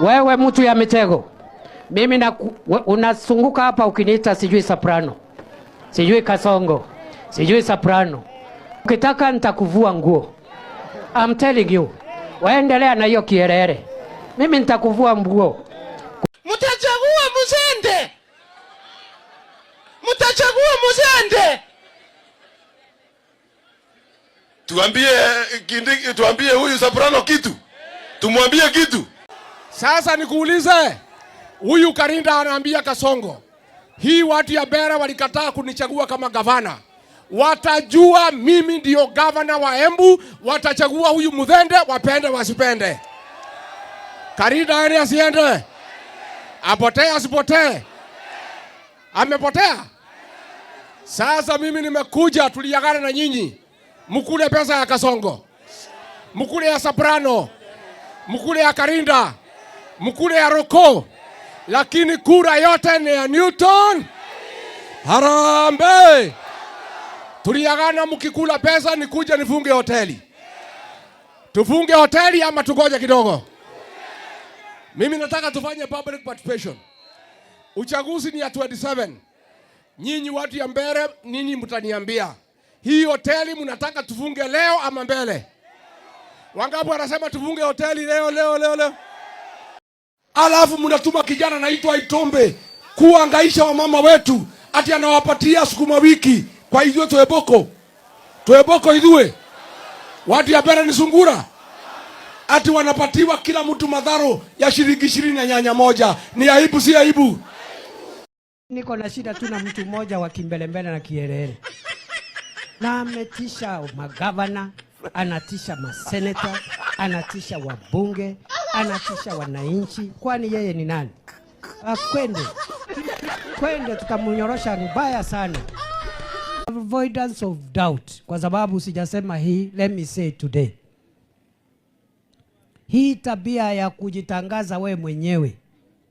Wewe mtu ya mitego, mimi na unasunguka hapa ukiniita sijui soprano, sijui kasongo, sijui soprano. Ukitaka nitakuvua nguo. I'm telling you. Waendelea na hiyo kierere, mimi nitakuvua nguo. Mtachagua mzende, mtachagua mzende. Tuambie, tuambie huyu soprano kitu, tumwambie kitu sasa nikuulize, huyu Karinda anaambia Kasongo, hii watu ya Bera walikataa kunichagua kama gavana, watajua mimi ndio gavana wa Embu, watachagua huyu Mudhende, wapende wasipende. Karinda aende asiende, apotee asipotee, amepotea. Sasa mimi nimekuja, tuliagana na nyinyi, mkule pesa ya Kasongo, mkule ya Soprano, mkule ya Karinda mkule ya roko, lakini kura yote ni ya Newton Harambe, Tuliagana mkikula pesa nikuja nifunge hoteli. Tufunge hoteli ama tugoje kidogo? Mimi nataka tufanye public participation. Uchaguzi ni ya 27. Nyinyi watu ya mbele, nini mtaniambia hii hoteli mnataka tufunge leo ama mbele? Wangapi wanasema tufunge hoteli leo leo leo leo? alafu mnatuma kijana naitwa Itombe kuangaisha wamama wetu, ati anawapatia sukuma wiki kwa hivyo tweboko tweboko idhue watu ya bere ni sungura ati wanapatiwa kila mtu madharo ya shilingi ishirini na nyanya moja. Ni aibu, si aibu? Niko na shida tu na mtu mmoja wa kimbelembele na kierere, na ametisha magavana, anatisha maseneta, anatisha wabunge anatisha wananchi. Kwani yeye ni nani? Akwende ah, kwende, tukamnyorosha vibaya sana. Avoidance of doubt, kwa sababu sijasema hii, let me say today, hii tabia ya kujitangaza we mwenyewe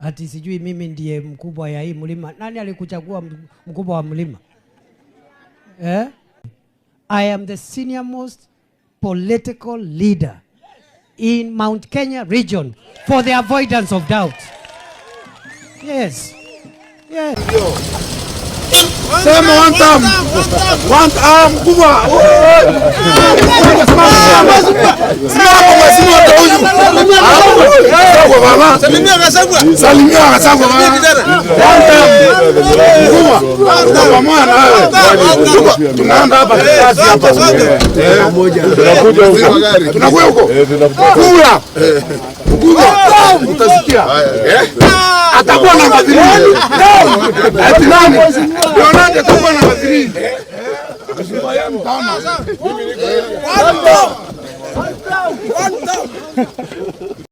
ati sijui mimi ndiye mkubwa ya hii mlima. Nani alikuchagua mkubwa wa mlima eh? I am the senior most political leader in Mount Kenya region for the avoidance of doubt. Yes. Yes. Sema one time. One time kubwa. Sio hapo msimu wa huyu. Kasagwa mama. Salimia Kasagwa. Salimia Kasagwa mama. Nguma. Nguma mwana wewe. Tunaenda hapa kazi hapa. Pamoja. Tunakuja huko. Tunakuja huko. Kula. Kula. Utasikia. Atakuwa na madhiri. Ati nani? Leonardo atakuwa na madhiri. Mimi niko. One